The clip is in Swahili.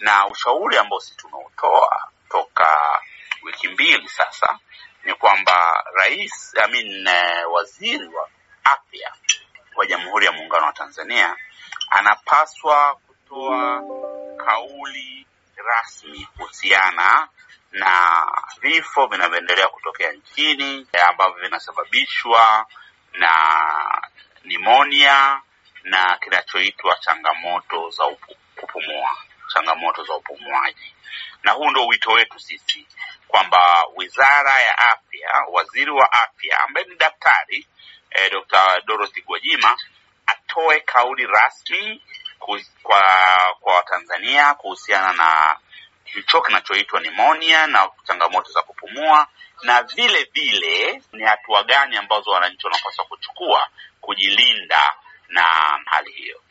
na ushauri ambao sisi tumeutoa toka wiki mbili sasa ni kwamba rais amin, eh, waziri wa afya wa Jamhuri ya Muungano wa Tanzania anapaswa kutoa kauli rasmi kuhusiana na vifo vinavyoendelea kutokea nchini ambavyo vinasababishwa na nimonia na kinachoitwa changamoto za upumuaji changamoto za upumuaji, na huu ndio wito wetu sisi kwamba wizara ya afya, waziri wa afya ambaye ni daktari eh, Dr. Dorothy Gwajima atoe kauli rasmi kuz, kwa kwa Watanzania kuhusiana na hicho kinachoitwa nimonia na changamoto za kupumua, na vile vile ni hatua gani ambazo wananchi wanapaswa kuchukua kujilinda na hali hiyo.